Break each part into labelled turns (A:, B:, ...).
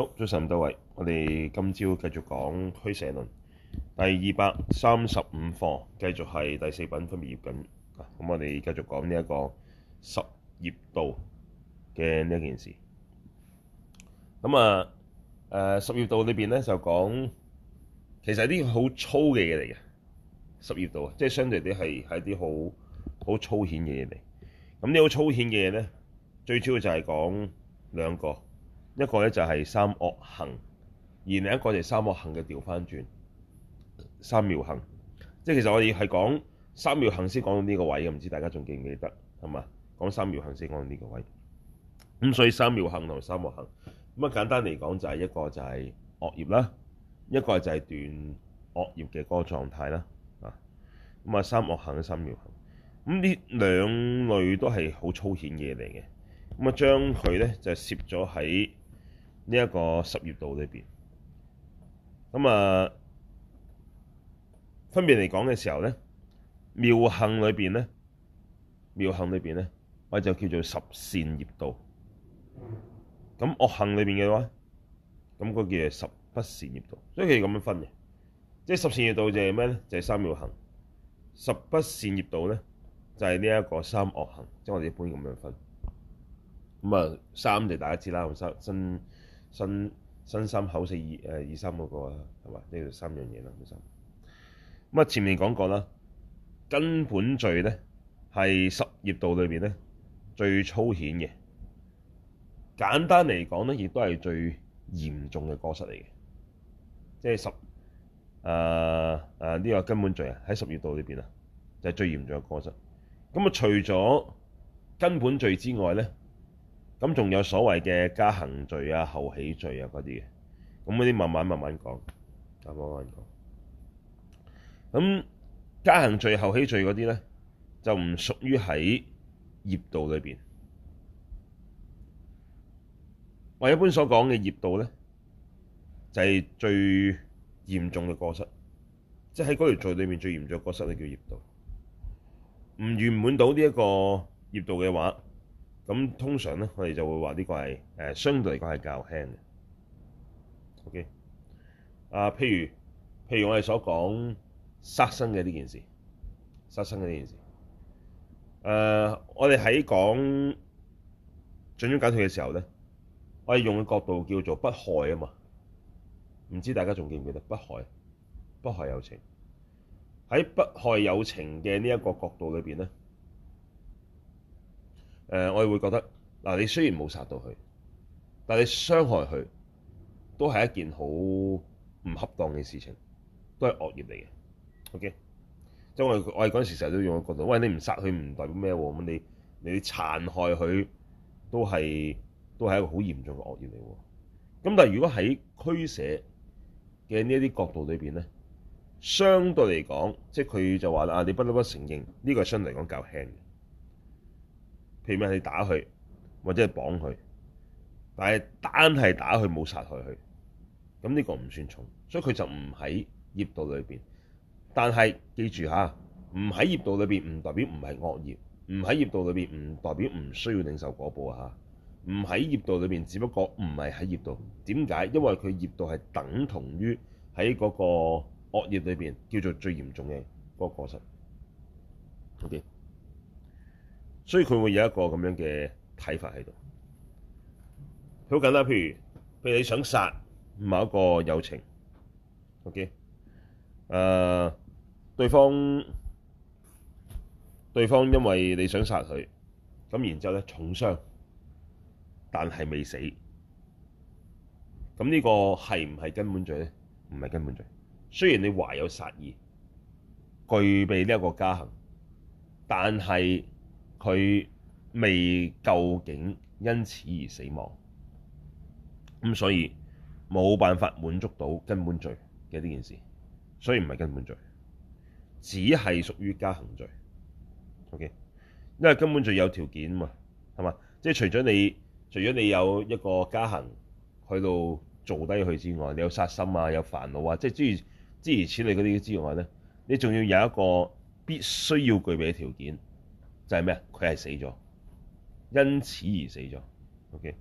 A: 好，早晨，各位。我哋今朝繼續講俱舍論，第二百三十五課，繼續係第四品分別業品。咁我哋繼續講呢一個十業道嘅呢件事。咁啊，誒、啊，十業道裡邊咧就講，其實係啲好粗嘅嘢嚟嘅，十業道啊，即係相對啲係係啲好好粗顯嘅嘢嚟。咁呢好粗顯嘅嘢咧，最主要就係講兩個。一個咧就係三惡行，而另一個就係三惡行嘅調翻轉三妙行。即係其實我哋係講三妙行先講到呢個位嘅，唔知大家仲記唔記得係嘛？講三妙行先講到呢個位咁，所以三妙行同三惡行咁，啊簡單嚟講就係一個就係惡業啦，一個就係斷惡業嘅嗰個狀態啦啊，咁啊，三惡行三妙行咁，呢兩類都係好粗顯嘢嚟嘅咁啊，將佢咧就攝咗喺。呢一個十業道裏邊，咁啊分別嚟講嘅時候咧，妙行裏邊咧，妙行裏邊咧，我就叫做十善業道。咁惡行裏邊嘅話，咁嗰叫係十不善業道。所以佢哋咁樣分嘅，即係十善業道就係咩咧？就係三妙行，十不善業道咧就係呢一個三惡行。即係我哋一般咁樣分，咁啊三就大家知啦，我三真。身身三口四二誒二三嗰個啦，係嘛？呢度三樣嘢啦，咁啊，前面講過啦，根本罪咧係十業道裏邊咧最粗顯嘅，簡單嚟講咧，亦都係最嚴重嘅過失嚟嘅。即係十誒誒呢個根本罪啊，喺十業道裏邊啊，就係最嚴重嘅過失。咁啊，除咗根本罪之外咧。咁仲有所謂嘅加行罪啊、後起罪啊嗰啲嘅，咁啲慢慢慢慢講，慢慢講。咁加行罪、後起罪嗰啲咧，就唔屬於喺業道裏邊。我一般所講嘅業道咧，就係最嚴重嘅過失，即係喺嗰條罪裏面最嚴重嘅過失，就叫業道。唔圓滿到呢一個業道嘅話，咁通常咧，我哋就會話呢個係誒相對嚟講係較輕嘅。OK，啊，譬如譬如我哋所講殺生嘅呢件事，殺生嘅呢件事，誒、啊，我哋喺講盡心解脫嘅時候咧，我哋用嘅角度叫做不害啊嘛，唔知大家仲記唔記得不害，不害有情。喺不害有情嘅呢一個角度裏邊咧。誒，我哋會覺得嗱，你雖然冇殺到佢，但係你傷害佢都係一件好唔恰當嘅事情，都係惡業嚟嘅。O.K.，即係我我係嗰陣時成日都用個角度，喂你唔殺佢唔代表咩喎？咁你你殘害佢都係都係一個好嚴重嘅惡業嚟喎。咁但係如果喺俱舍嘅呢一啲角度裏邊咧，相對嚟講，即係佢就話啦，你不得不，不承認呢個相對嚟講較輕你打佢或者係綁佢，但係單係打佢冇殺害佢，咁呢個唔算重，所以佢就唔喺業道裏邊。但係記住嚇，唔喺業道裏邊唔代表唔係惡業，唔喺業道裏邊唔代表唔需要領受果報啊嚇。唔喺業道裏邊，只不過唔係喺業道。點解？因為佢業道係等同於喺嗰個惡業裏邊叫做最嚴重嘅嗰個過失。好，okay? 所以佢會有一個咁樣嘅睇法喺度。好簡單，譬如譬如你想殺某一個有情，OK？誒，uh，對方對方因為你想殺佢，咁然之後咧重傷，但係未死。咁呢個係唔係根本罪咧？唔係根本罪。雖然你懷有殺意，具備呢一個加行，但係，佢未究竟因此而死亡，咁所以冇辦法滿足到根本罪嘅呢件事，所以唔係根本罪，只係屬於加行罪。OK，因為根本罪有條件啊嘛，係嘛？即係除咗你，除咗你有一個加行去到做低佢之外，你有殺心啊，有煩惱啊，即係諸如諸如此類啲之外咧，你仲要有一個必須要具備嘅條件。就係、是、咩？佢係死咗，因此而死咗。OK，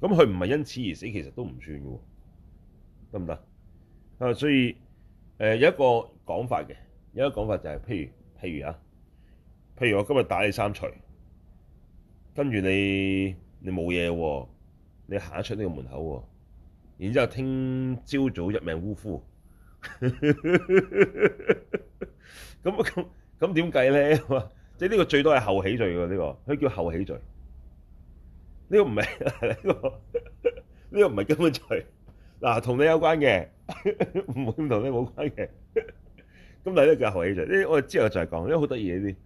A: 咁佢唔係因此而死，其實都唔算嘅，得唔得？啊，所以誒、呃、有一個講法嘅，有一講法就係、是、譬如譬如啊，譬如我今日打你三錘，跟住你你冇嘢喎，你行出呢個門口喎，然之後聽朝早一命嗚呼，咁咁咁點計咧？ 即係呢個最多係後起罪喎，呢個佢叫後起罪。呢個唔係呢個，呢個唔係根本罪。嗱，同你有關嘅，唔會同你冇關嘅。咁但係呢個叫後起罪，呢我哋之後再講。呢好得意呢啲，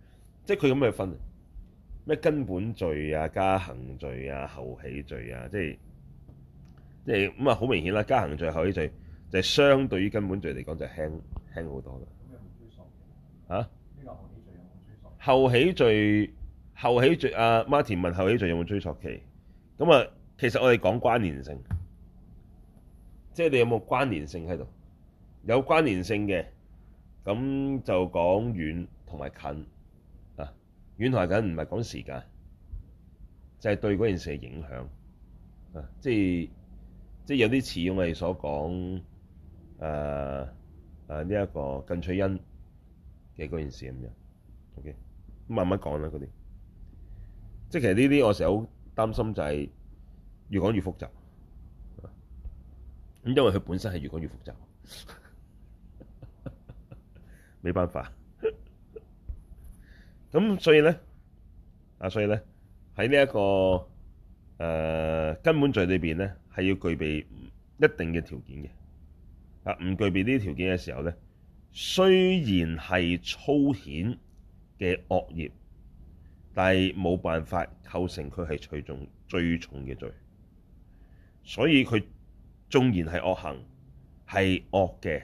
A: 即係佢咁嚟分咩根本罪啊、加行罪啊、後起罪啊，即係即係咁啊，好明顯啦。加行罪、後起罪就係相對於根本罪嚟講就輕輕好多啦。嚇、啊？後起罪，後起罪，阿、啊、Martin 問後起罪有冇追溯期，咁啊？其實我哋講關聯性，即係你有冇關聯性喺度，有關聯性嘅咁就講遠同埋近啊。遠同埋近唔係講時間，就係、是、對嗰件事嘅影響啊。即係即係有啲似我哋所講誒誒呢一個近取因嘅嗰件事咁樣。OK。慢慢講啦，嗰啲即係其實呢啲我成日好擔心，就係越講越複雜。咁因為佢本身係越講越複雜，冇辦法。咁所以咧，啊所以咧、這個，喺呢一個誒根本罪裏邊咧，係要具備一定嘅條件嘅。啊，唔具備呢啲條件嘅時候咧，雖然係粗顯嘅惡業，但係冇辦法構成佢係最重最重嘅罪，所以佢縱然係惡行，係惡嘅，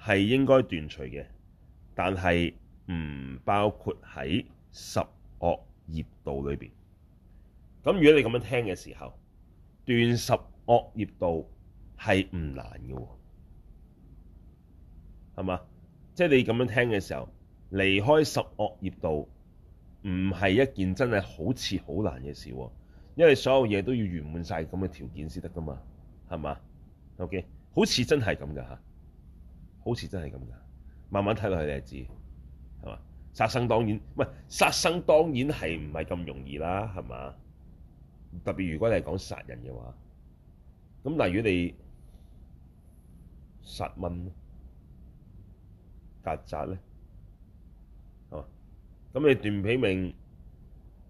A: 係應該斷除嘅，但係唔包括喺十惡業道裏邊。咁如果你咁樣聽嘅時候，斷十惡業道係唔難嘅，係嘛？即係你咁樣聽嘅時候。離開十惡業道唔係一件真係好似好難嘅事喎，因為所有嘢都要圓滿晒咁嘅條件先得噶嘛，係嘛？OK，好似真係咁噶嚇，好似真係咁噶，慢慢睇落去你就知，係嘛？殺生當然唔係，殺生當然係唔係咁容易啦，係嘛？特別如果你係講殺人嘅話，咁嗱，如果你殺蚊、曱甴咧？咁你斷其命，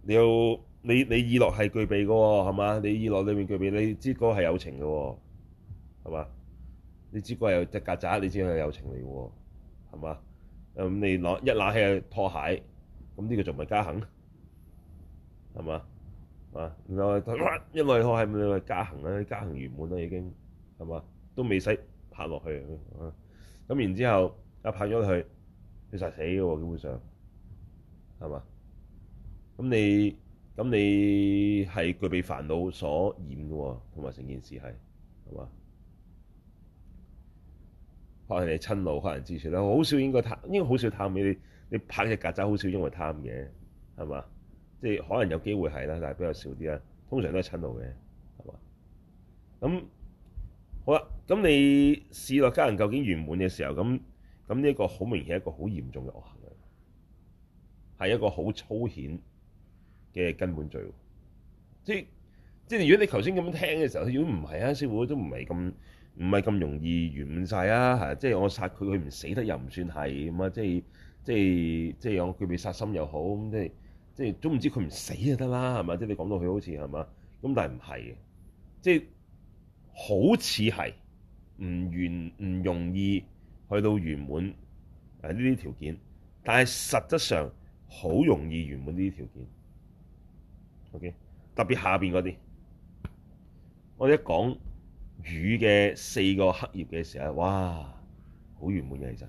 A: 你要你你意樂係具備嘅喎，係嘛？你意樂裏面具備你知果係有情嘅喎，係嘛？你知果係隻曱甴，你知佢係有情嚟嘅喎，係嘛？咁你攞一攬起去拖鞋，咁呢個仲唔係加行，係嘛？啊，然後因為拖鞋係加行啦，加行圓滿啦已經，係嘛？都未使拍落去了，咁然之後一拍咗佢，佢實死嘅喎，基本上。係嘛？咁你咁你係具備煩惱所染嘅喎，同埋成件事係係嘛？可能你瞋惱，可能之前啦。好少應該貪，應該好少貪嘅。你你拍隻曱甴，好少因為貪嘅，係嘛？即係可能有機會係啦，但係比較少啲啦。通常都係瞋惱嘅，係嘛？咁好啦，咁你視落家人究竟圓滿嘅時候，咁咁呢一個好明顯係一個好嚴重嘅惡係一個好粗顯嘅根本罪，即即係如果你頭先咁樣聽嘅時候，如果唔係啊，師傅都唔係咁唔係咁容易圓滿曬啊！嚇，即係我殺佢，佢唔死得又唔算係咁啊！即係即係即係我佢被殺心又好咁，即係即係總唔知佢唔死就得啦，係嘛？即係你講到佢好似係嘛？咁但係唔係嘅，即係好似係唔圓唔容易去到圓滿誒呢啲條件，但係實質上。好容易圓滿呢啲條件，OK，特別下面嗰啲，我哋一講語嘅四個黑業嘅時候，哇，好圓滿嘅其實，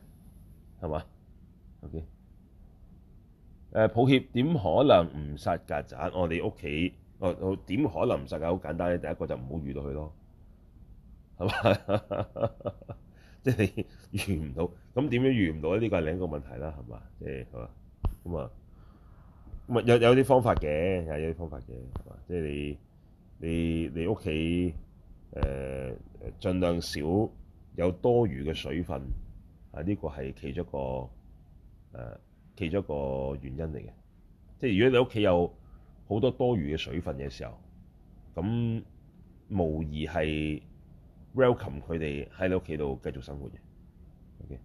A: 係嘛？OK，誒，抱歉，點可能唔殺曱甴？我哋屋企，我點可能唔殺曱甴？好簡單咧，第一個就唔好遇到佢咯，係嘛？ 即係你遇唔到，咁點樣遇唔到呢？呢、呢個係另一個問題啦，係嘛？即係係嘛？好吧。咁、嗯、啊，咁啊有有啲方法嘅，有啲方法嘅，係嘛，即係、就是、你你你屋企誒盡量少有多餘嘅水分，啊呢、這個係其中一個誒、啊、其中一個原因嚟嘅。即、就、係、是、如果你屋企有好多多餘嘅水分嘅時候，咁無疑係 Welcome 佢哋喺你屋企度繼續生活嘅。OK。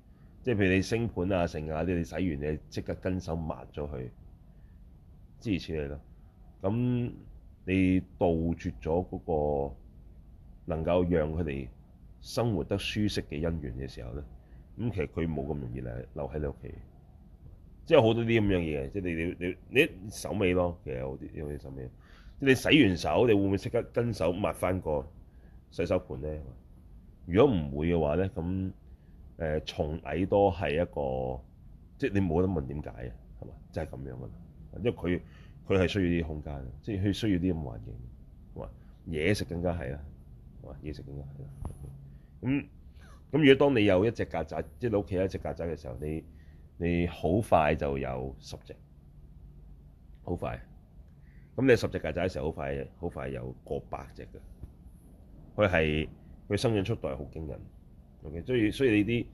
A: 即係譬如你升盤啊、剩啊啲，你洗完你即刻跟手抹咗佢，諸如此類啦。咁你杜絕咗嗰個能夠讓佢哋生活得舒適嘅因緣嘅時候咧，咁其實佢冇咁容易嚟留喺你屋企。即係好多啲咁樣嘢嘅，即係你你你你手尾咯，其實有啲有啲手尾。即係你洗完手，你會唔會即刻跟手抹翻個洗手盤咧？如果唔會嘅話咧，咁。誒蟲蟻多係一個，即係你冇得問點解嘅，係嘛？就係、是、咁樣噶啦，因為佢佢係需要啲空間，即係佢需要啲咁環境。話嘢食更加係啦，話嘢食更加係啦。咁、嗯、咁如果當你有一隻曱甴，即係你屋企有一隻曱甴嘅時候，你你好快就有十隻，好快。咁你十隻曱甴嘅時候很，好快好快有過百隻㗎，佢係佢生長速度係好驚人。Okay, 所以所以你啲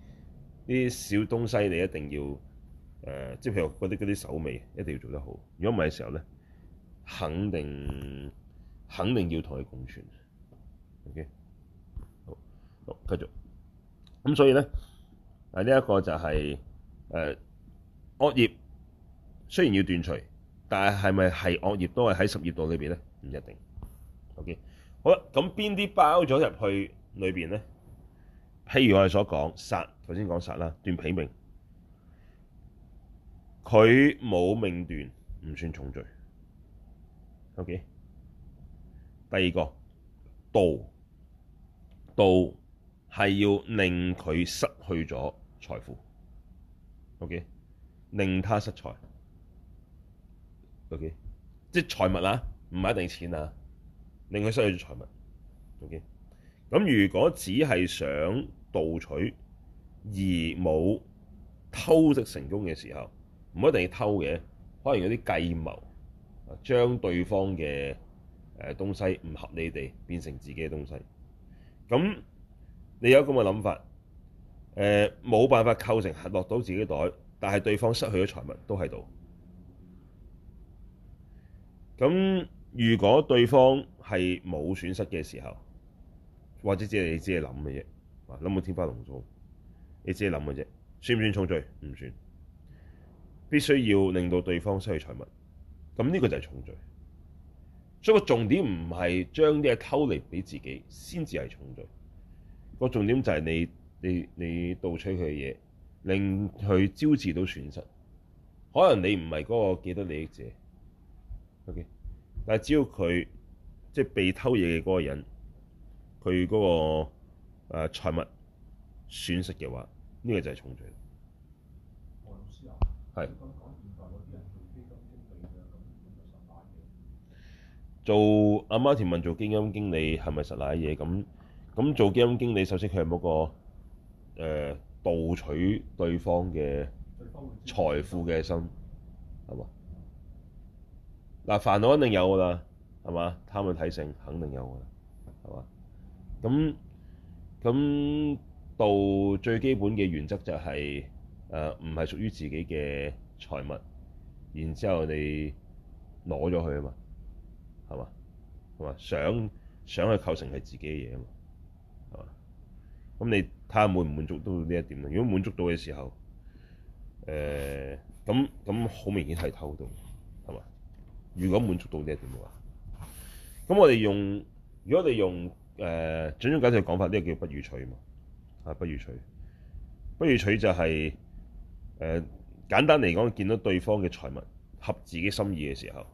A: 啲小東西你一定要誒，即係譬如嗰啲嗰啲手尾一定要做得好。如果唔係嘅時候咧，肯定肯定要同佢共存。OK，好，好，繼續。咁所以咧，啊呢一個就係誒惡業雖然要斷除，但係係咪係惡業都係喺十業道裏邊咧？唔一定。OK，好啦，咁邊啲包咗入去裏邊咧？譬如我哋所講，殺，頭先講殺啦，斷彼命，佢冇命斷唔算重罪。OK，第二個盜，盜係要令佢失去咗財富。OK，令他失財。OK，即財物啊，唔係一定錢啊，令佢失去咗財物。OK，咁如果只係想盜取而冇偷食成功嘅時候，唔一定要偷嘅，可能有啲計謀，將對方嘅誒東西唔合理地變成自己嘅東西。咁你有咁嘅諗法，誒、呃、冇辦法構成落到到自己的袋，但係對方失去咗財物都喺度。咁如果對方係冇損失嘅時候，或者只係你自己諗嘅啫。諗到天花龍草，你自己諗嘅啫，算唔算重罪？唔算，必須要令到對方失去財物，咁呢個就係重罪。所以個重點唔係將啲嘢偷嚟俾自己，先至係重罪。個重點就係你你你盜取佢嘅嘢，令佢招致到損失。可能你唔係嗰個既得利益者，OK，但係只要佢即係被偷嘢嘅嗰個人，佢嗰個。誒、啊、財物損失嘅話，呢、這個就係重罪。係、哦嗯。做阿 Martin 問做基金、啊、經理係咪實賴嘢？咁咁做基金經理首先佢係冇個盜、呃、取對方嘅財富嘅心，係嘛？嗱，煩惱肯定有㗎啦，係嘛？貪佢體性肯定有㗎啦，係嘛？咁。咁到最基本嘅原則就係，誒，唔係屬於自己嘅財物，然之後你攞咗佢啊嘛，係嘛，係嘛想想去構成係自己嘅嘢啊嘛，係嘛？咁你睇下滿唔滿足到呢一點。如果滿足到嘅時候，誒，咁咁好明顯係偷到，係嘛？如果滿足到呢、呃、一點嘅話，咁我哋用，如果我哋用。誒、呃，簡章簡直講法，呢、這個叫不與取嘛？嚇，不與取，不與取就係、是、誒、呃、簡單嚟講，見到對方嘅財物合自己心意嘅時候，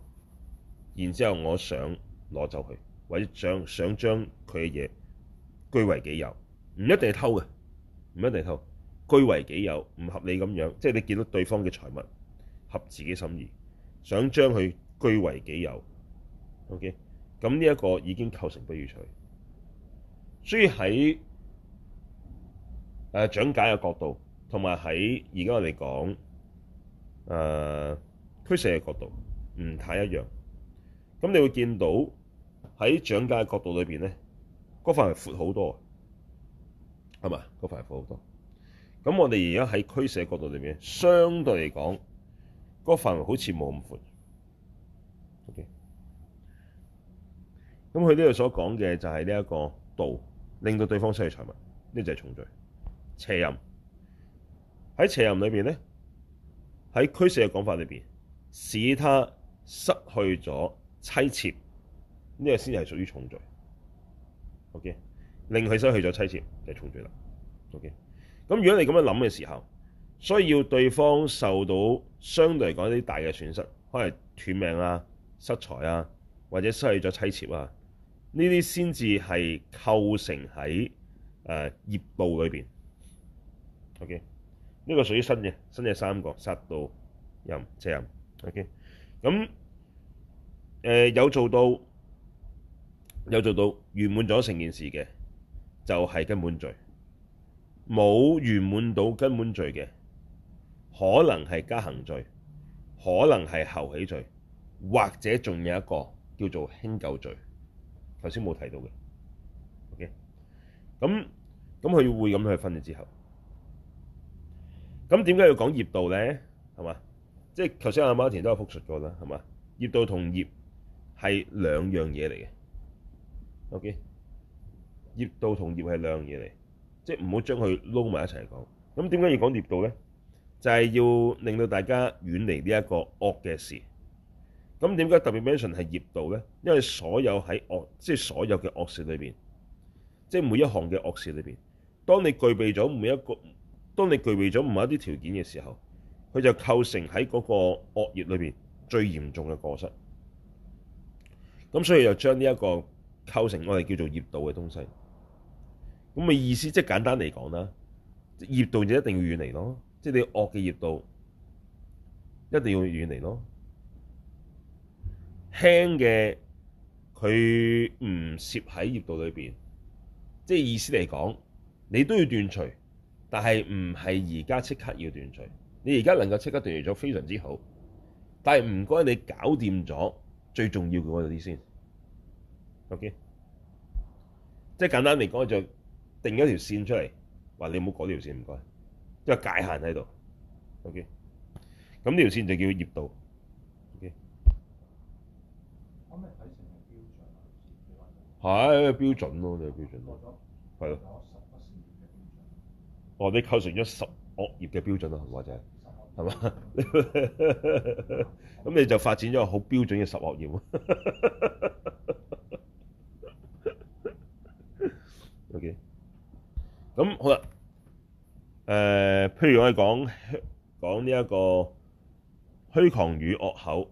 A: 然之後我想攞走佢，或者想想將佢嘅嘢據為己有，唔一定係偷嘅，唔一定係偷，據為己有唔合理咁樣，即、就、係、是、你見到對方嘅財物合自己心意，想將佢據為己有。O K.，咁呢一個已經構成不與取。所以喺誒漲價嘅角度，同埋喺而家我哋講誒俱舍嘅角度唔太一樣。咁你會見到喺漲價嘅角度裏邊咧，個範圍闊好多，係嘛？個範圍闊好多。咁我哋而家喺俱舍嘅角度裏面，相對嚟講、okay. 個範圍好似冇咁闊。好嘅。咁佢呢度所講嘅就係呢一個道。令到對方失去財物，呢就係重罪。邪淫喺邪淫裏面，咧，喺俱舍嘅講法裏面，使他失去咗妻妾，呢個先係屬於重罪。OK，令佢失去咗妻妾就係重罪啦。OK，咁如果你咁樣諗嘅時候，需要對方受到相對嚟講一啲大嘅損失，可能斷命啊、失財啊，或者失去咗妻妾啊。呢啲先至係構成喺誒、呃、業道裏面。OK，呢個屬於身嘅身嘅三個殺盜淫、邪淫。OK，咁誒、呃、有做到有做到圓滿咗成件事嘅，就係、是、根本罪，冇圓滿到根本罪嘅，可能係加行罪，可能係後起罪，或者仲有一個叫做輕垢罪。頭先冇睇到嘅，OK，咁咁佢會咁去分咗之後，咁點解要講業道咧？係嘛，即係頭先阿馬田都有覆述過啦，係嘛，業道同業係兩樣嘢嚟嘅，OK，業道同業係兩樣嘢嚟，即係唔好將佢撈埋一齊講。咁點解要講業道咧？就係要令到大家遠離呢一個惡嘅事。咁點解特別 mention 係業道呢？因為所有喺惡，即係所有嘅惡事裏邊，即係每一項嘅惡事裏邊。當你具備咗每一個，當你具備咗唔係一啲條件嘅時候，佢就構成喺嗰個惡業裏邊最嚴重嘅過失。咁所以就將呢一個構成我哋叫做業道嘅東西。咁嘅意思即係簡單嚟講啦，業道就一定要遠離囉，即係你惡嘅業道一定要遠離囉。輕嘅佢唔攝喺業道裏邊，即係意思嚟講，你都要斷除，但係唔係而家即刻要斷除。你而家能夠即刻斷除咗，非常之好。但係唔該，你搞掂咗最重要嘅嗰啲先。OK，即係簡單嚟講就定咗一條線出嚟，話你唔好改呢條線，唔該，即係界限喺度。OK，咁呢條線就叫業道。係、啊、標準咯、哦，你嘅標準咯，係咯。我哋構成咗十惡業嘅標準啊，或者係，係咪？咁 你就發展咗個好標準嘅十惡業咯。 OK，咁好啦、呃。譬如我哋講講呢一個虛誑語、惡口，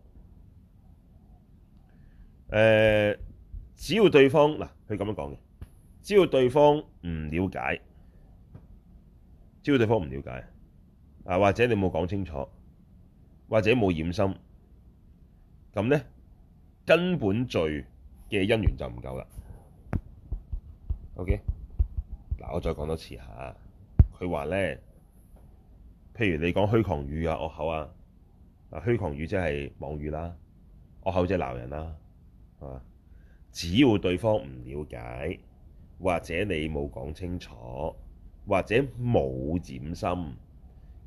A: 呃只要對方嗱，佢、啊、咁樣講嘅，只要對方唔了解，只要對方唔了解啊，或者你冇講清楚，或者冇染心，咁咧根本罪嘅因緣就唔夠啦。OK，嗱、啊、我再講多次下、啊，佢話咧，譬如你講虛誑語啊、惡口啊，虛誑語即係妄語啦，惡口即係鬧人啦、啊，係嘛、啊？只要對方唔了解，或者你冇講清楚，或者冇染心，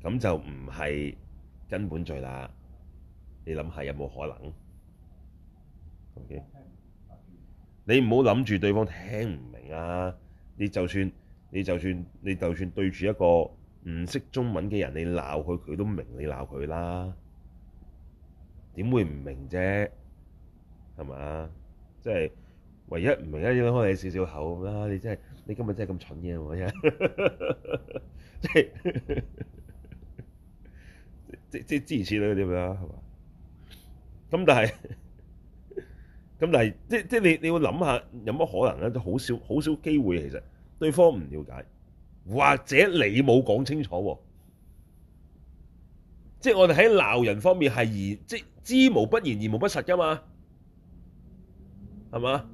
A: 咁就唔係根本罪啦。你諗下有冇可能？Okay. 你唔好諗住對方聽唔明啊！你就算你就算你就算對住一個唔識中文嘅人，你鬧佢，佢都明你鬧佢啦。點會唔明啫？係嘛？即係唯一唔明，一啲開你少少口啦！你真係你今日真係咁蠢嘅， 即係即即諸如此類啦？點樣係嘛？咁但係咁但係即即你你要諗下，有乜可能咧？都好少好少機會，其實對方唔了解，或者你冇講清楚。即係我哋喺鬧人方面係即係知無不言，而無不實噶嘛。係嘛？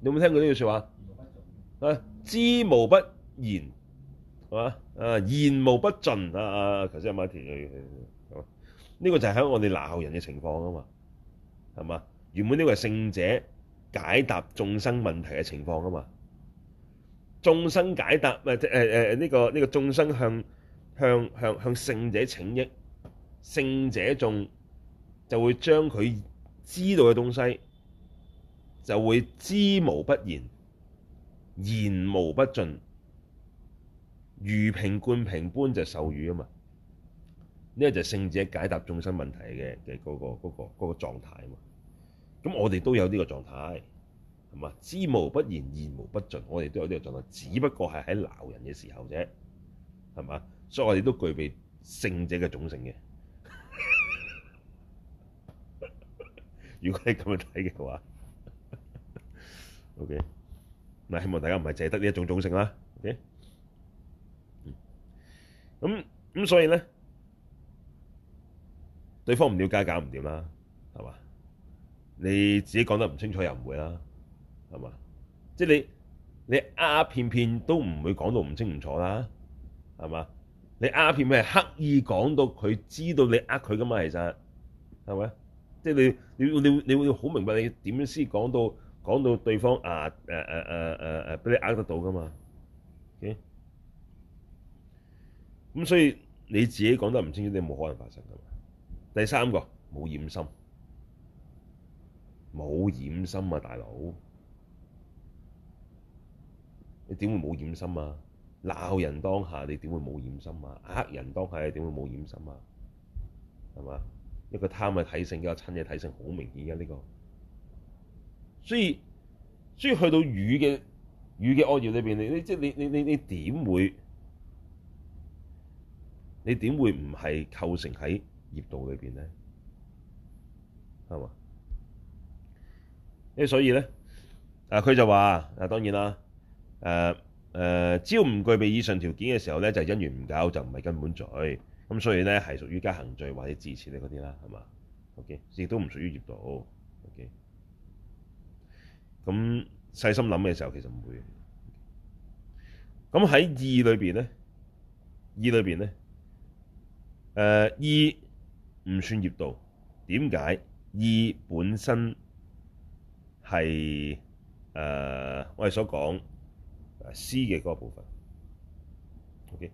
A: 你有冇聽過呢句說話？啊，知無不言，係嘛？啊，言無不盡。啊啊，頭先阿媽提佢，呢個就係喺我哋鬧人嘅情況啊嘛。係嘛？原本呢個係聖者解答眾生問題嘅情況啊嘛。眾生解答咪即係誒誒呢個呢個眾生向向向向聖者請益，聖者仲就會將佢知道嘅東西。就會知無不言，言無不盡，如瓶灌瓶般就授語啊嘛！呢個就係聖者解答眾生問題嘅嘅嗰個嗰個嗰個狀態啊嘛！咁我哋都有呢個狀態，係嘛？知無不言，言無不盡，我哋都有呢個狀態，只不過係喺鬧人嘅時候啫，係嘛？所以我哋都具備聖者嘅種性嘅。 如果你咁樣睇嘅話，O K，嗱，希望大家唔係淨係得呢一種種性啦。O K，嗯，咁咁，所以咧，對方唔了解搞唔掂啦，係嘛？你自己講得唔清楚又唔會啦，係嘛？即係你你呃片片都唔會講到唔清唔楚啦，係嘛？你呃片片係刻意講到佢知道你呃佢噶嘛？其實係咪？即係你你你你會好明白你點樣先講到？講到對方啊，誒誒誒誒誒俾你呃得到噶嘛？咁、okay? 所以你自己講得唔清楚，你冇可能發生噶嘛？第三個冇染心，冇染心啊，大佬！你點會冇染心啊？鬧人當下你點會冇染心啊？呃人當下你點會冇染心啊？係嘛？一個貪嘅體性，一個嗔嘅體性顯、啊，好明顯噶呢個。所以，所以去到語嘅語嘅惡業裏邊，你你即係你你你你點會？你點會唔係構成喺業道裏邊咧？係嘛？誒所以咧，啊佢就話啊當然啦，誒、啊、誒、啊，只要唔具備以上條件嘅時候咧，就係、因緣唔夠就唔係根本罪。咁所以咧係屬於加行罪或者自持你嗰啲啦，係嘛？O K，亦都唔屬於業道。O K。咁細心諗嘅時候，其實唔會。咁喺意裏邊咧，意裏邊咧，誒、呃，意唔算業道。點解？意本身係誒、呃，我哋所講誒思嘅嗰個部分。O.K. 誒、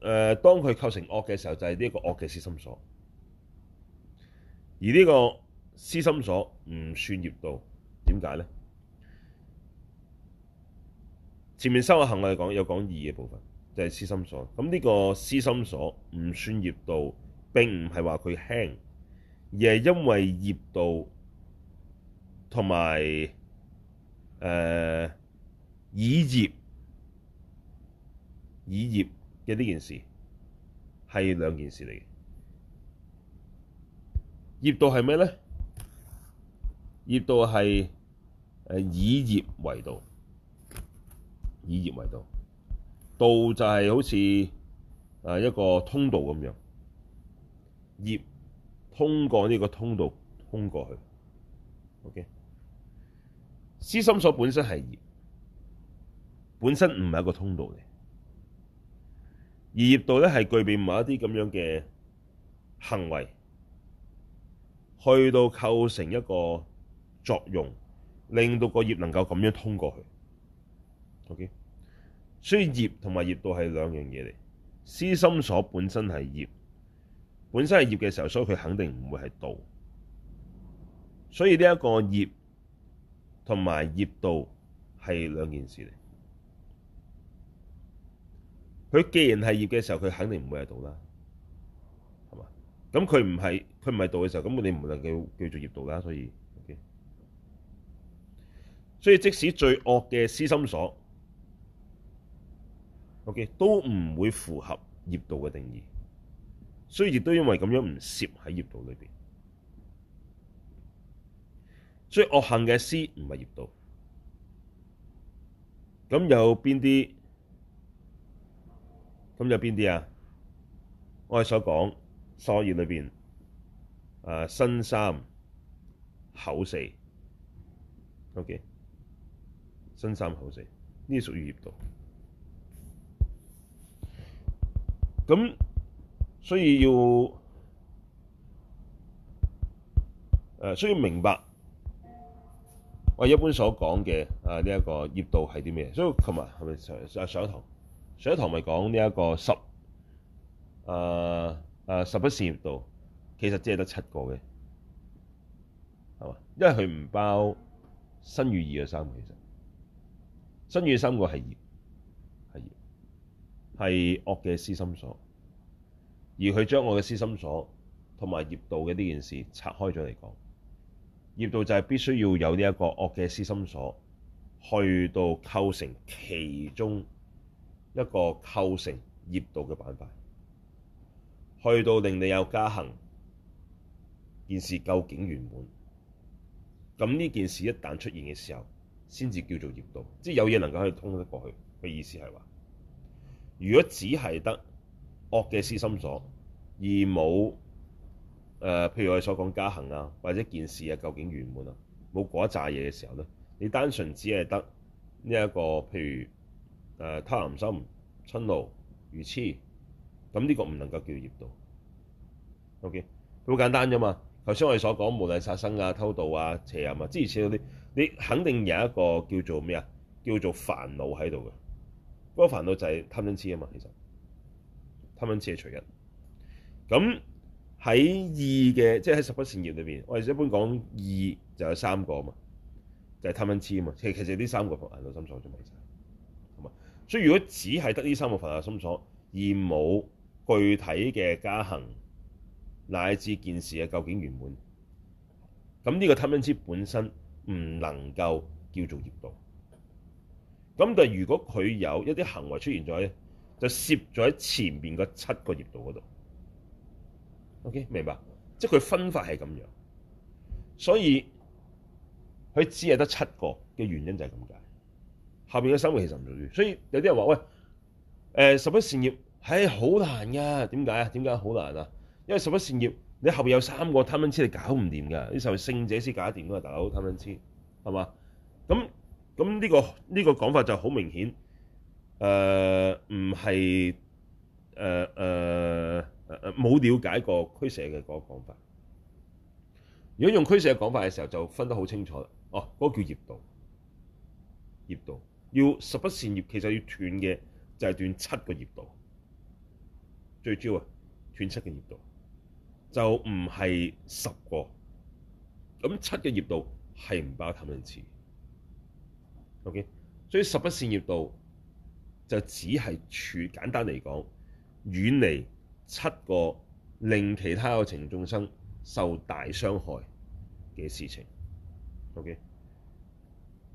A: 呃，當佢構成惡嘅時候，就係、是、呢個惡嘅思心所。而呢個思心所唔算業道，點解咧？前面三惡行我哋講有講意嘅部分，就係、是、思心所。咁呢個思心所唔算業道，並唔係話佢輕，而係因為業道同埋誒以業以業嘅呢件事係兩件事嚟嘅。業道係咩咧？業道係誒、呃、以業為道。以業為道，道就係好似一個通道咁樣，業通過呢個通道通過去。OK，思心所本身係業，本身唔係一個通道嚟。而業道咧係具備某一啲咁樣嘅行為，去到構成一個作用，令到個業能夠咁樣通過去。O.K. 所以業同埋業道係兩樣嘢嚟，思心所本身係業，本身係業嘅時候，所以佢肯定唔會係道。所以呢一個業同埋業道係兩件事嚟。佢既然係業嘅時候，佢肯定唔會係道啦，係嘛？咁佢唔係佢唔係道嘅時候，咁我哋唔能夠叫做業道啦。所以 O.K. 所以即使最惡嘅思心所。O.K. 都唔會符合業道嘅定義，所以亦都因為咁樣唔攝喺業道裏邊，所以惡行嘅思唔係業道。咁有邊啲？咁有邊啲啊？我哋所講所以裏邊，誒，身三口四，O.K. 身三口四呢，屬於業道。咁，所以要誒、呃，所以要明白我、哎、一般所講嘅啊呢一個業道係啲咩？所以琴日係咪上上堂？上一堂咪講呢一個十、呃、啊啊十不善業道其實只係得七個嘅，係嘛？因為佢唔包新與二嘅三個，其實新與三個係業。係惡嘅思心所，而佢將我嘅思心所同埋業道嘅呢件事拆開咗嚟講，業道就係必須要有呢一個惡嘅思心所去到構成其中一個構成業道嘅板塊，去到令你有加行，件事究竟圓滿。咁呢件事一旦出現嘅時候，先至叫做業道，即係有嘢能夠可以通得過去。嘅意思係話。如果只係得惡嘅思心所，而冇誒、呃，譬如我哋所講加行啊，或者件事啊，究竟圓滿啊，冇嗰一紮嘢嘅時候咧，你單純只係得呢一個，譬如誒貪婪心、瞋怒、愚痴，咁呢個唔能夠叫業道。OK，好簡單啫嘛。頭先我哋所講無論殺生啊、偷盜啊、邪淫啊，諸如此類啲，你肯定有一個叫做咩啊，叫做煩惱喺度嘅。嗰、那個煩惱就係貪嗔痴啊嘛，其實貪嗔痴係除人。咁喺二嘅，即係喺十不善業裏面，我哋一般講二就有三個啊嘛，就係貪嗔痴啊嘛。其其實呢三個煩惱心所就埋曬，係嘛？所以如果只係得呢三個煩惱心所而冇具體嘅加行乃至件事嘅究竟圓滿，咁呢個貪嗔痴本身唔能夠叫做業道。咁但係如果佢有一啲行為出現咗咧，就攝咗喺前面個七個業道嗰度。OK，明白？即係佢分法係咁樣的，所以佢只係得七個嘅原因就係咁解。後邊嘅生活其實唔重要。所以有啲人話：，喂，誒十不善業，唉、哎，好難㗎。點解啊？點解好難啊？因為十不善業，你後邊有三個貪嗔痴你搞唔掂㗎。你受聖者先搞掂㗎。大佬貪嗔痴係嘛？咁咁呢、這個呢講、這個、法就好明顯，誒唔係誒誒誒冇了解過俱舍嘅嗰個講法。如果用俱舍嘅講法嘅時候，就分得好清楚啦。哦、啊，嗰、那個叫業道，業道要十不善業，其實要斷嘅就係斷七個業道。最主要啊，斷七個業道就唔係十個。咁七個業道係唔包貪瞋癡。O.K. 所以十不善業道就只係處簡單嚟講，遠離七個令其他有情眾生受大傷害嘅事情。O.K.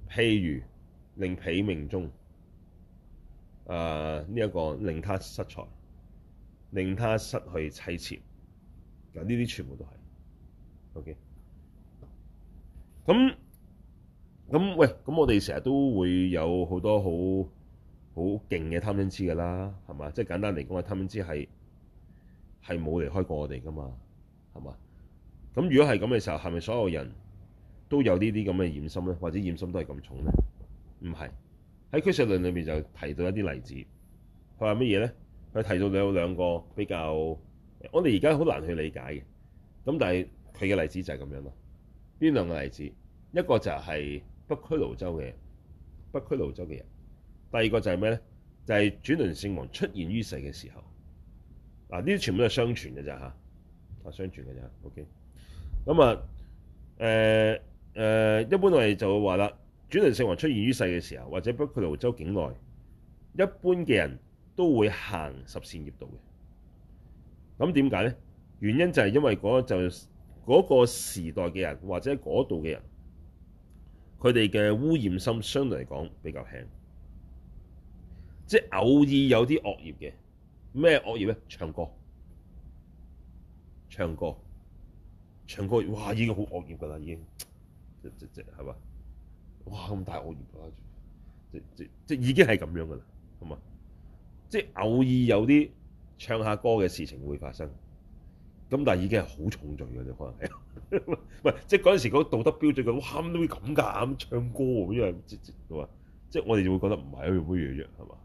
A: 譬如令彼命終，啊呢一個令他失財，令他失去妻妾。嗱呢啲全部都係。O.K. 咁。咁喂，咁我哋成日都會有好多好好勁嘅貪嗔痴噶啦，係嘛？即係簡單嚟講，貪嗔痴係係冇離開過我哋噶嘛，係嘛？咁如果係咁嘅時候，係咪所有人都有呢啲咁嘅染心咧，或者染心都係咁重咧？唔係喺《俱舍論》裏面就提到一啲例子，佢話乜嘢咧？佢提到你有兩個比較，我哋而家好難去理解嘅。咁但係佢嘅例子就係咁樣咯。邊兩個例子？一個就係、是。北俱盧洲嘅人，北俱盧洲嘅人。第二個就係咩咧？就係轉輪聖王出現於世嘅時候。嗱、啊，呢啲全部都係相傳嘅咋吓，啊，相傳嘅咋。OK。咁啊，誒、呃、誒、呃，一般我哋就會話啦，轉輪聖王出現於世嘅時候，或者北俱盧洲境內，一般嘅人都會行十善業道嘅。咁點解咧？原因就係因為嗰就嗰個時代嘅人，或者嗰度嘅人。佢哋嘅污染心相對嚟講比較輕，即係偶爾有啲惡業嘅，咩惡業咧？唱歌，唱歌，唱歌，哇！已經好惡業噶啦，已經，即即係嘛，哇！咁大惡業噶啦，即即即已經係咁樣噶啦，係嘛？即係偶爾有啲唱下歌嘅事情會發生。咁但係已經係好重罪嘅，可能係，唔係，即嗰時候道德標準佢哇都會咁㗎、啊？咁唱歌喎，因為即即係話，即，即，即我哋會覺得唔係嗰種乜嘢係嘛？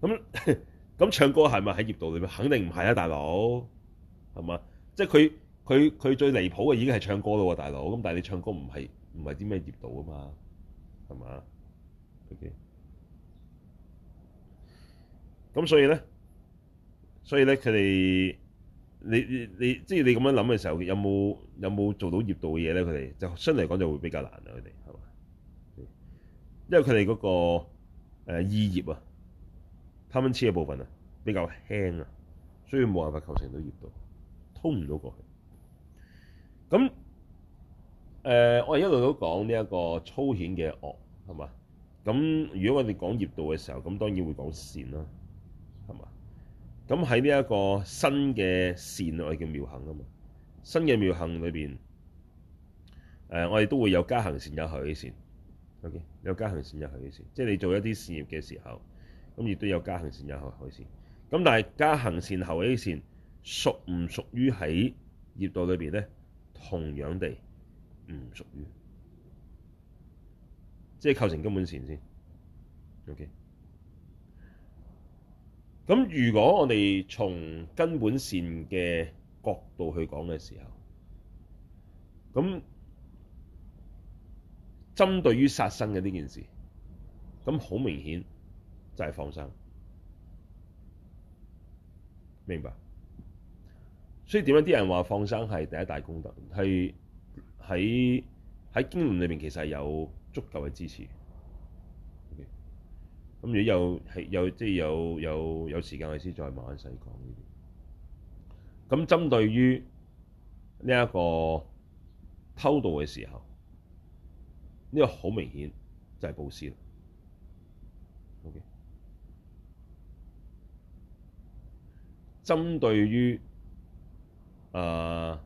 A: 係嘛？咁咁唱歌係咪喺業道裏面？肯定唔係啊，大佬，係嘛？即係佢佢佢最離譜嘅已經係唱歌啦喎，大佬。咁但係你唱歌唔係唔係啲咩業道啊嘛？係嘛？Okay. 咁所以咧，所以咧，佢哋你你你，即係你咁、就是、樣諗嘅時候，有冇有冇做到業道嘅嘢咧？佢哋就相嚟講就會比較難啦。佢哋係嘛，因為佢哋嗰個意二葉啊，貪瞋癡嘅部分啊比較輕啊，所以冇辦法構成到業道，通唔到過去。咁誒、呃，我哋一路都講呢一個粗顯嘅惡係嘛。咁如果我哋講業道嘅時候，咁當然會講善啦。咁喺呢一個身嘅善，我哋叫妙行啊嘛。身嘅妙行裏邊，誒我哋都會有加行善有後起善。OK，有加行善有後起善，即係你做一啲事業嘅時候，咁亦都有加行善有後起善。咁但係加行善後起善，屬唔屬於喺業道裏邊咧？同樣地，唔屬於，即係構成根本善先。OK。咁如果我哋從根本善嘅角度去講嘅時候，咁針對於殺生嘅呢件事，咁好明顯就係放生，明白？所以點解啲人話放生係第一大功德，係喺喺經文裏面其實係有足夠嘅支持。咁如果有係有，即係有有有時間，我先再慢慢細講呢啲。咁針對於呢一個偷盜嘅時候，呢、這個好明顯就係報私啦。OK，針對於誒、呃、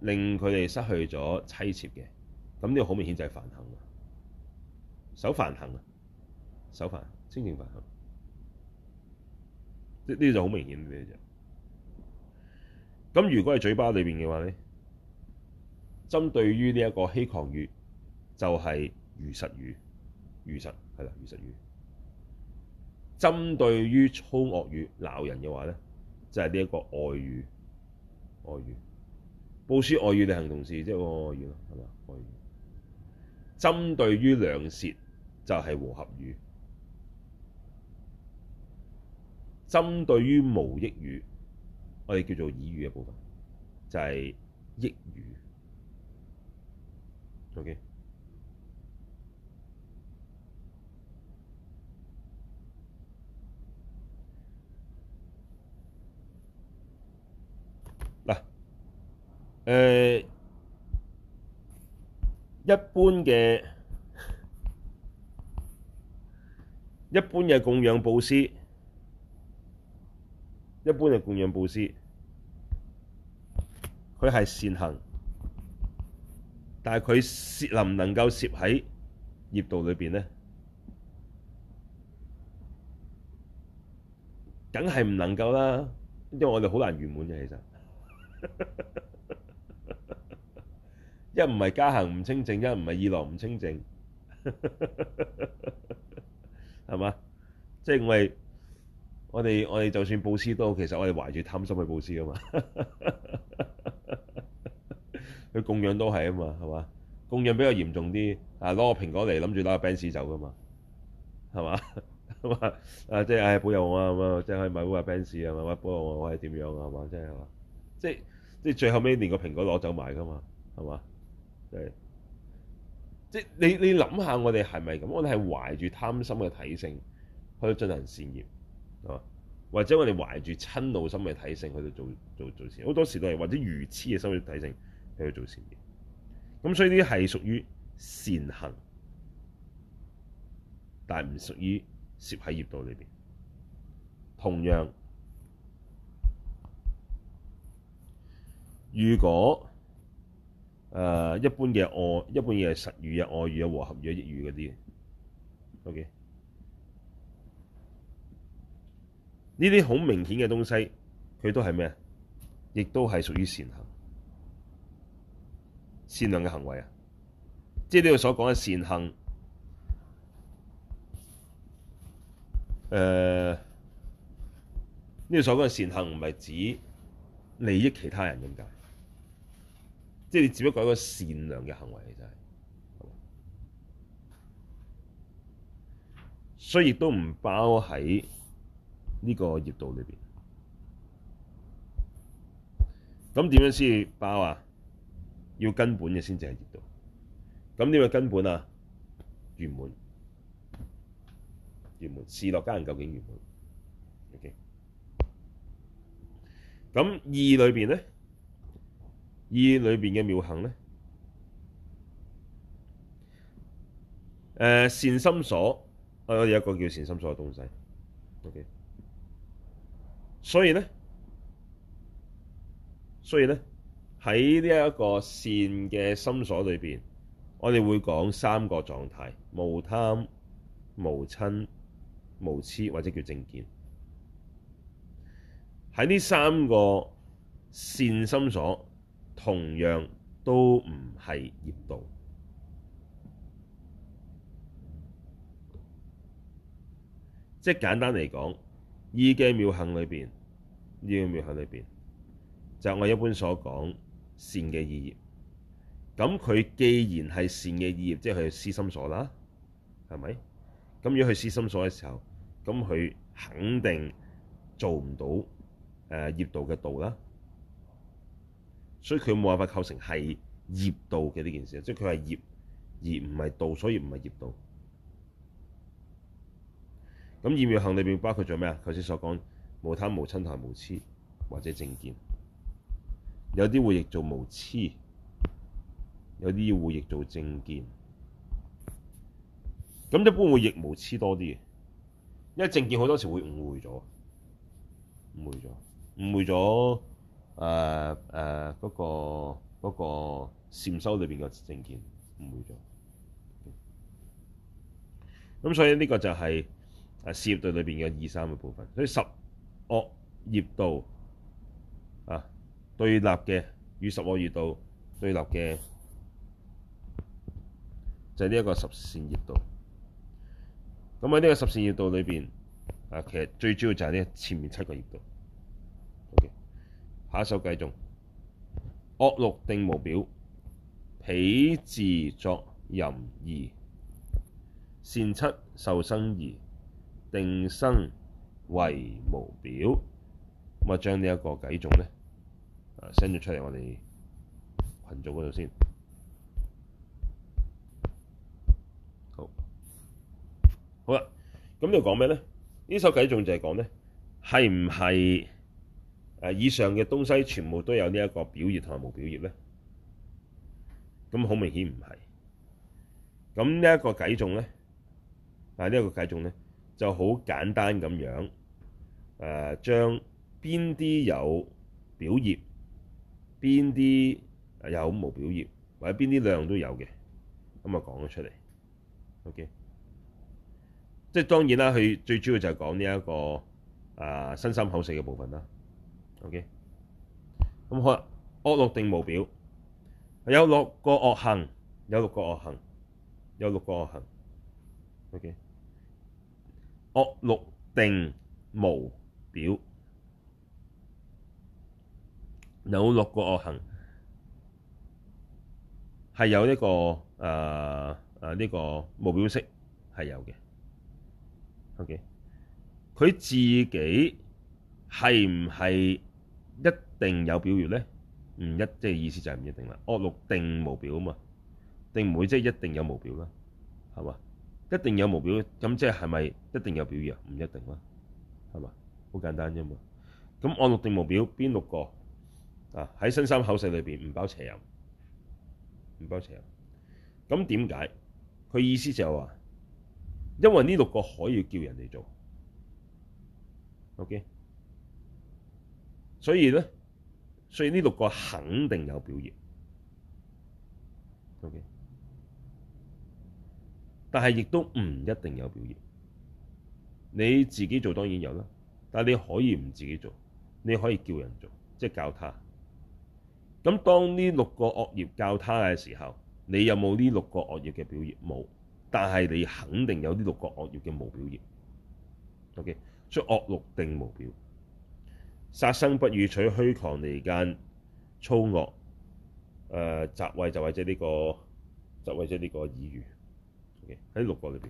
A: 令佢哋失去咗妻妾嘅，咁呢個好明顯就係梵行啊，守梵行啊，清淨法行呢就好明顯，咁如果係嘴巴裏面嘅話呢，針對於呢一個虛誑語，就係、是、如實語，如實係啦，如實語。針對於粗惡語鬧人嘅話呢，就係呢一個愛語，愛語。佈施、愛語、利行、同事，即係愛語咯，係咪愛語？針對於兩舌，就係、是、和合語。針對於無益語，我哋叫做耳語嘅部分，就係益語，OK？嗱，誒，一般嘅一般嘅供養布施。一般嘅供養佈施，佢係善行，但係佢攝能唔能夠攝喺業道裏邊咧？梗係唔能夠啦，因為我哋好難圓滿嘅其實。一唔係加行唔清淨，一唔係意樂唔清淨，係嘛？即係因為。我哋我哋就算佈施都好，其實我哋懷住貪心去佈施啊嘛，佢 供養都係啊嘛，係嘛？供養比較嚴重啲，啊攞個蘋果嚟諗住攞個餅絲走噶嘛，係嘛？咁啊，啊即係保佑我啊咁啊，即係買杯餅絲啊，咁啊，保佑我我係點、就是、樣啊？係嘛？即係話，即係即係最後尾連個蘋果攞走埋噶嘛，係嘛？即係即你你諗下我是是，我哋係咪咁？我哋係懷住貪心嘅體性去進行善業。或者我哋懷住親老心嘅體性，喺度做做做事，好多時都係或者如痴嘅心嘅體性，去去做善業。咁所以呢啲係屬於善行，但係唔屬於攝喺業道裏邊。同樣，如果誒一般嘅愛，一般嘅係實語啊、愛語啊、和合語啊、益語嗰啲，OK。呢啲好明顯嘅東西，佢都係咩？亦都係屬於善行、善良嘅行為啊！即係呢度所講嘅善行，誒、呃，呢度所講嘅善行唔係指利益其他人咁解，即係你只不過一個善良嘅行為嚟，真係，所以都唔包喺。呢個業道裏邊，咁點樣先要包啊？要根本嘅先至係業道，咁呢個根本啊圓滿圓滿，事樂加行究竟圓滿？O K，咁意裏邊咧，意裏邊嘅妙行咧，誒，善心所，我有一個叫善心所嘅東西，O K。所以咧，所以咧，喺呢一個善嘅心所裏邊，我哋會講三個狀態：無貪、無瞋、無痴，或者叫正見。喺呢三個善心所，同樣都唔係業道。即係簡單嚟講，意嘅妙行裏邊。呢個妙行裏邊，就係我一般所講善嘅意業，咁佢既然係善嘅意業，即係佢係私心所啦，係咪？咁如果佢私心所嘅時候，咁佢肯定做唔到誒業道嘅道啦，所以佢冇辦法構成係業道嘅呢件事，即係佢係業而唔係道，所以唔係業道。咁妙行裏邊包括咗咩啊？頭先所講。無貪無嗔同無痴，或者正見，有啲會譯做無痴，有啲會譯做正見，咁一般會譯無痴多啲嘅，因為正見好多時會誤會咗，誤會咗，誤會咗誒誒嗰個嗰、嗰個禪修裏邊嘅正見，誤會咗。咁所以呢個就係誒善業道裏邊嘅意三嘅部分，所以十。惡業道啊，對立嘅與十惡業道對立嘅就係呢一個十善業道。咁喺呢個十善業道裏邊啊，其實最主要就係呢前面七個業道。O.K. 下一首繼續。惡六定無表，彼自作淫二，善七受生二，定生，為無表，咁啊將呢一個偈頌咧，啊 send 咗出嚟我哋群組嗰度先。好，好啦、啊，咁就講咩咧？呢首偈頌就係講咧，係唔係誒以上嘅東西全部都有呢一個表業同埋無表業咧？咁好明顯唔係。咁呢一個偈頌咧，啊呢一個偈頌咧。就好簡單咁樣，啊、將邊啲有表業，邊啲有無表業，或者邊啲量都有嘅，咁啊講咗出嚟。OK，即係當然啦，佢最主要就係講呢、這、一個啊，身三口四嘅部分啦。OK，咁好啦惡六定無表，有六個惡行，有六個惡行，有六個惡行。OK。惡六定無表，有六個惡行係有呢個誒誒呢個無表式係有嘅。O.K. 佢自己係唔係一定有表月業咧？唔一即係意思就係唔一定啦。惡六定無表啊嘛，定唔會即係一定有無表啦，係嘛？一定有無表，咁即係咪一定有表現？唔一定啦，係嘛？好簡單啫嘛。咁惡六定無表，邊六個啊？喺身三口四裏邊唔包邪淫，唔包邪淫。咁點解？佢意思就係話，因為呢六個可以叫人哋做，OK。所以咧，所以呢六個肯定有表現，OK。但係亦都唔一定有表現。你自己做當然有啦，但係你可以唔自己做，你可以叫人做，即係教他。咁當呢六個惡業教他嘅時候，你有冇呢六個惡業嘅表現？冇，但係你肯定有呢六個惡業嘅無表現。O.K.，所以惡六定無表，殺生、不與取、虛誑離間、粗惡誒、雜、呃、穢，就係即係呢個雜穢即係呢個綺語。喺六個裏邊，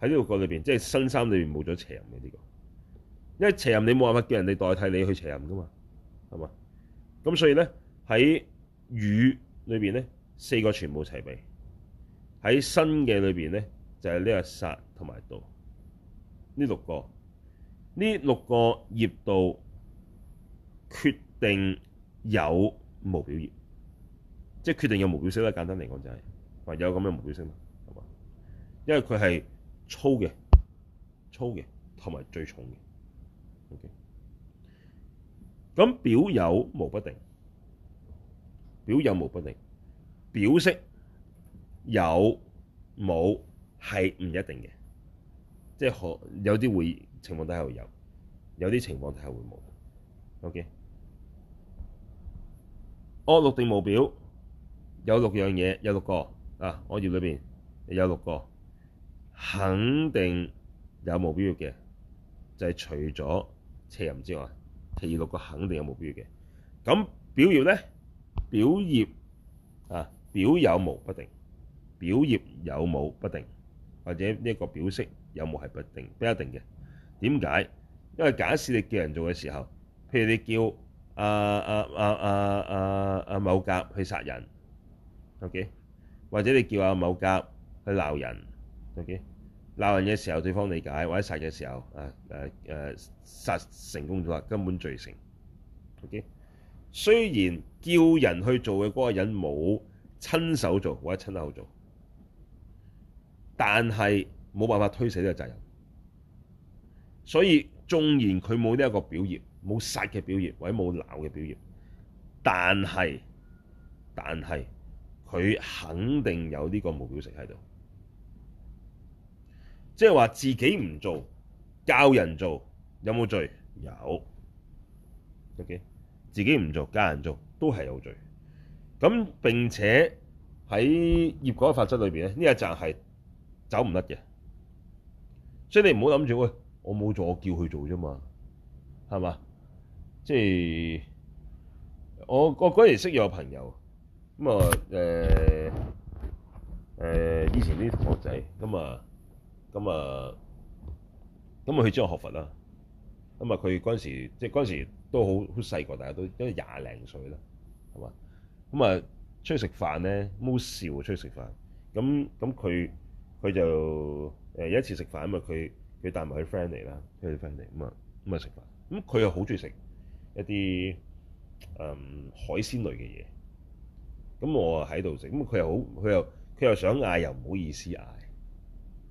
A: 喺呢六個裏邊，即係身三裏邊冇咗邪淫嘅呢個，因為邪淫你冇辦法叫人哋代替你去邪淫噶嘛，係嘛？咁所以咧喺語裏邊咧，四個全部齊備。喺身嘅裏邊咧，就係、是、呢個殺同埋盜，呢六個，呢六個業道決定有無表業，即係決定有無表色啦。簡單嚟講就係、是。或有咁嘅無表色嘛，係嘛？因為佢係粗嘅、粗嘅同埋最重嘅。O.K. 咁表有無不定，表有無不定，表色有冇係唔一定嘅，即係可有啲會情況底下會有，有啲情況底下會冇。O.K. 惡、oh, 六定無表，有六樣嘢，有六個。啊！惡業裏邊有六個，肯定有無表業嘅，就係、是、除咗邪淫之外，其餘六個肯定有無表業嘅。咁表業咧，表業啊，表有無不定，表業有冇不定，或者呢一個表色有冇係不定，不一定嘅。點解？因為假使你叫人做嘅時候，譬如你叫阿阿阿阿阿阿某甲去殺人，OK？或者你叫阿某甲去鬧人，O K，鬧人嘅時候對方理解，或者殺嘅時候，啊啊啊殺成功咗啦，根本罪成，O K。Okay? 雖然叫人去做嘅嗰個人冇親手做或者親口做，但係冇辦法推卸呢個責任。所以縱然佢冇呢一個表業，冇殺嘅表業，或者冇鬧嘅表業，但係但係，佢肯定有呢個無表色喺度，即係話自己唔做教人做有冇罪？有得嘅，okay? 自己唔做教人做都係有罪。咁並且喺業果法則裏邊咧，呢一陣係走唔得嘅，所以你唔好諗住喂，我冇做，我叫佢做啫嘛，係嘛？即係我我嗰陣識有朋友。咁啊，誒誒，以前啲同學仔，咁啊，咁啊，咁啊去將學佛啦。咁啊，佢嗰陣時，即係嗰陣時都好好細個，大家都因為廿零歲啦，係嘛？咁啊，出去食飯咧，冇笑、喔、出去食飯。咁咁佢佢就誒有一次食飯啊嘛，佢佢帶埋佢 friend 嚟啦，佢哋 friend 嚟咁啊咁啊食飯。咁佢又好中意食一啲誒海鮮類嘅嘢。咁我喺度食，咁佢又好，佢又佢又想嗌，又唔好意思嗌，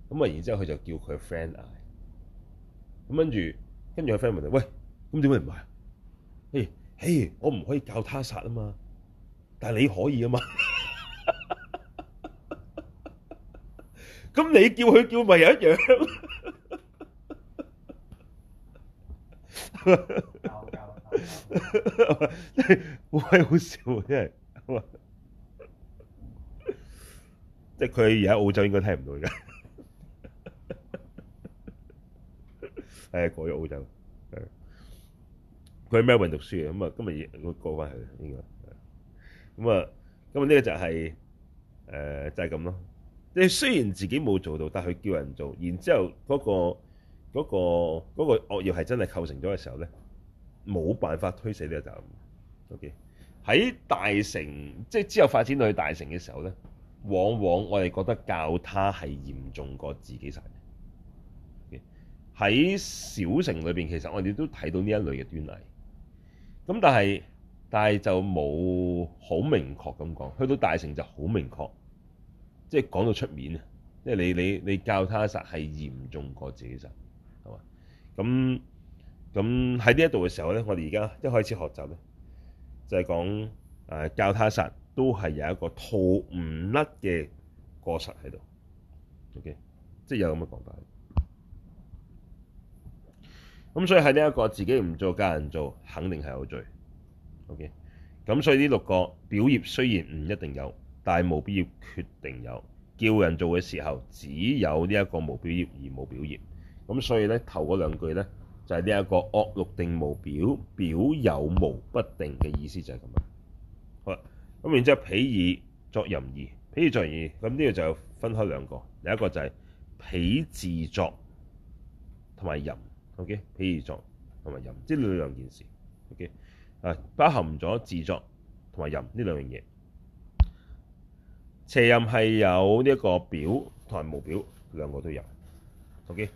A: 咁啊，然之後佢就叫佢 friend 嗌，咁跟住跟住個 friend 問，喂，咁點解唔嗌？嘿嘿，我唔可以教他殺啊嘛，但係你可以啊嘛，咁 你叫佢叫咪又一樣，好搞，搞，搞笑，真係。即係佢而家澳洲應該聽唔到㗎， 係過咗澳洲，係佢喺 Melbourne 讀書嘅，咁啊，今日過翻去，應該咁啊，咁啊呢個就係、是、誒、呃、就係、是、咁咯。即係雖然自己冇做到，但係佢叫人做，然之後嗰、那個嗰、那個惡業係真係構成咗嘅時候咧，冇辦法推卸嘅就 OK。喺大城，即、就、係、是、之後發展到去大城嘅時候咧。往往我哋覺得教他係嚴重過自己殺嘅，喺小城裡邊，其實我哋都睇到呢一類嘅端倪。咁但係但係就冇好明確咁講，去到大城就好明確，即係講到出面啊，即係你你你教他殺係嚴重過自己殺，係嘛？咁咁喺呢一度嘅時候咧，我哋而家一開始學習咧，就係講，呃，教他殺。都係有一個套唔甩嘅過失喺度，OK，即係有咁嘅講法。咁所以喺呢一個自己唔做，叫人做，肯定係有罪。OK，咁所以呢六個表業雖然唔一定有，但係冇必要決定有。叫人做嘅時候，只有呢一個無表業而冇表業。咁所以咧頭嗰兩句咧就係呢一個惡六定無表，表有無不定嘅意思就係咁啦。好。咁然之後，彼以作淫二，彼以作淫二。咁呢個就分開兩個，第一個就係彼自作同埋淫。O.K.，彼以作同埋淫，即係兩件事。O.K. 啊，包含咗自作同埋淫呢兩樣嘢。邪淫係有呢一個表同埋無表兩個都有。O.K.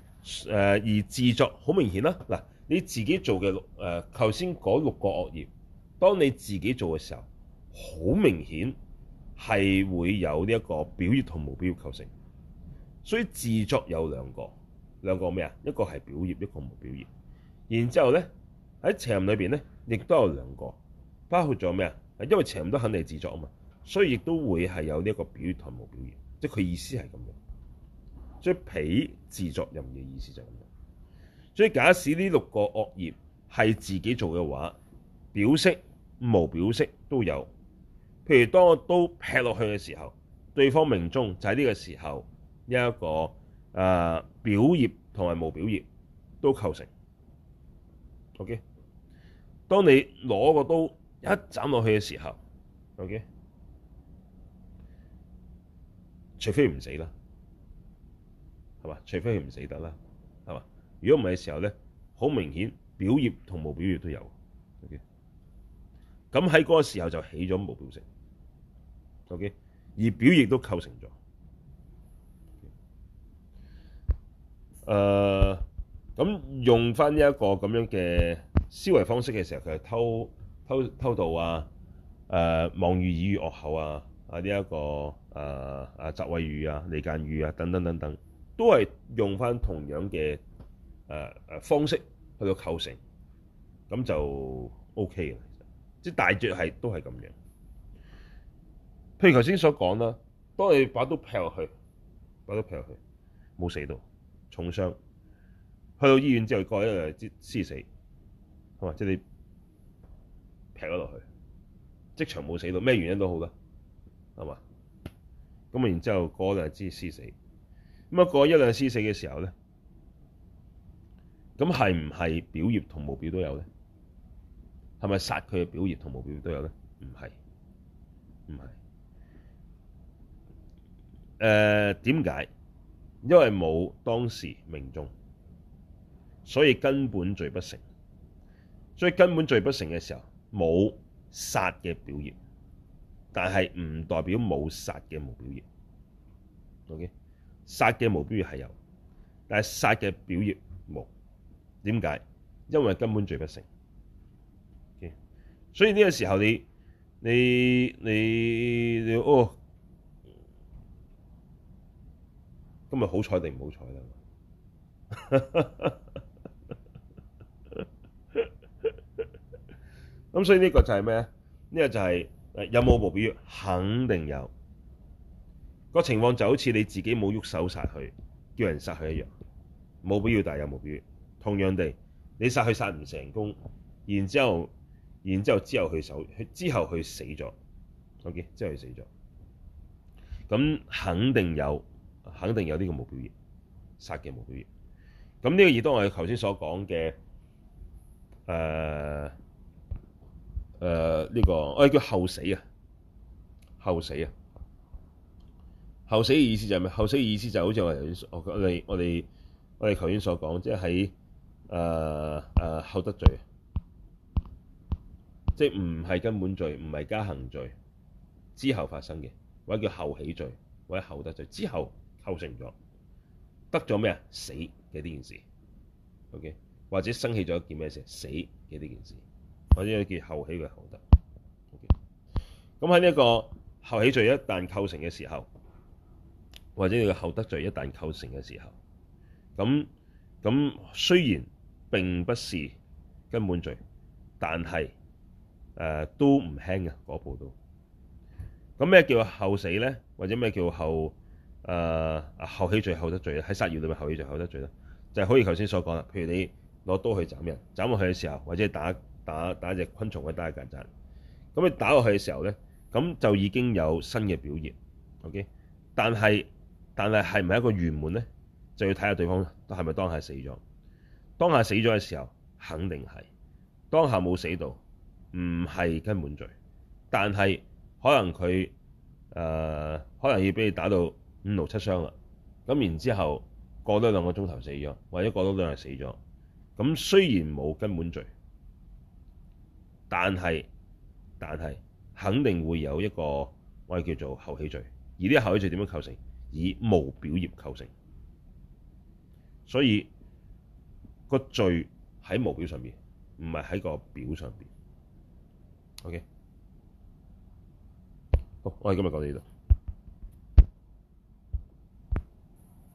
A: 而自作好明顯啦。嗱，你自己做嘅六誒頭先嗰六個惡業，當你自己做嘅時候，好明顯係會有呢一個表業同無表業構成，所以自作有兩個兩個咩啊？一個係表業，一個無表業。然之後咧喺邪淫裏邊咧，亦都有兩個，包括咗咩啊？因為邪淫都肯定係自作啊嘛，所以亦都會係有呢一個表業同無表業，即係佢意思係咁樣。所以彼自作淫嘅意,意思就咁樣。所以假使呢六個惡業係自己做嘅話，表色無表色都有。譬如當個刀劈落去嘅時候，對方命終就喺呢個時候，呢一個誒、呃、表業同埋無表業都構成。OK，當你攞個刀一斬落去嘅時候，OK，除非唔死啦，係嘛？除非佢唔死得啦，係嘛？如果唔係嘅時候咧，好明顯表業同無表業都有。OK，咁喺嗰個時候就起咗無表色。OK，而表亦都構成咗。誒，咁用翻呢一個咁樣嘅思維方式嘅時候，佢係偷偷偷盜啊，誒、啊、妄語耳語惡口啊，啊呢一個誒誒雜穢語啊、離間語啊等等等等，都係用翻同樣嘅誒誒方式去到構成，咁就 OK 嘅。即、就、係、是、大絕係都係咁樣。譬如頭先所講啦，當你把刀劈落去，把刀劈落去，冇死到，重傷，去到醫院之後，過一兩日先死，係嘛？即係你劈咗落去，即場冇死到，咩原因都好啦，係嘛？咁啊，然之後過一兩日先死，咁過一兩日先死嘅時候咧，咁係唔係表業同無表都有咧？係咪殺佢嘅表業同無表都有咧？唔係，唔係。誒，點解？因為冇當時命終，所以根本罪不成。所以根本罪不成嘅時候，冇殺嘅表業，但係唔代表冇殺嘅無表業。O K，殺嘅無表業係有，但係殺嘅表業冇。點解？因為根本罪不成。Okay? 所以呢個時候你你你你哦。咁咪好彩定唔好彩啦？咁 所以呢個就係咩？呢個就係有冇目標？肯定有。那個情況就好似你自己冇喐手殺佢，叫人殺佢一樣，冇必要。但係有目標，同樣地，你殺佢殺唔成功，然之後，然之後之後佢手之後佢死咗，OK？之後佢死咗，咁肯定有。肯定有呢個無表業，殺嘅無表業，咁呢個亦都係我哋頭先所講嘅，誒誒呢個、哎，叫後死啊，後死啊，後死嘅意思就係咩？後死嘅意思就係好似我哋我我哋我哋頭先所講，即係喺誒誒後得罪，即係唔係根本罪，唔係加行罪之後發生嘅，或者叫後起罪，或者後得罪之後。構成咗，得咗咩啊？死嘅呢件事，OK，或者生起咗一件咩事？死嘅呢件事，或者叫後起嘅後得。咁喺呢一個後起罪一旦構成嘅時候，或者叫後得罪一旦構成嘅時候，咁咁雖然並不是根本罪，但係誒、呃、都唔輕嘅嗰步都。咁咩叫後死咧？或者咩叫後？誒、呃、後起罪後得罪，喺殺業裏面後起罪後得罪啦，就係好似頭先所講啦。譬如你攞刀去斬人，斬落去嘅時候，或者打打打隻昆蟲，去打一曱甴。咁你打落去嘅時候咧，咁就已經有新嘅表現。OK，但係但係係唔係一個圓滿咧？就要睇下對方係咪當下死咗。當下死咗嘅時候，肯定係。當下冇死到，唔係根本罪。但係可能佢誒、呃、可能要俾你打到。五、六、七傷啦，咁然之後過多兩個鐘頭死咗，或者過多兩日死咗，咁雖然冇根本罪，但係但係肯定會有一個我哋叫做後起罪，而呢個後起罪點樣構成？以無表業構成，所以個罪喺無表上面，唔係喺個表上面。OK，好、哦，我哋今日講到呢度。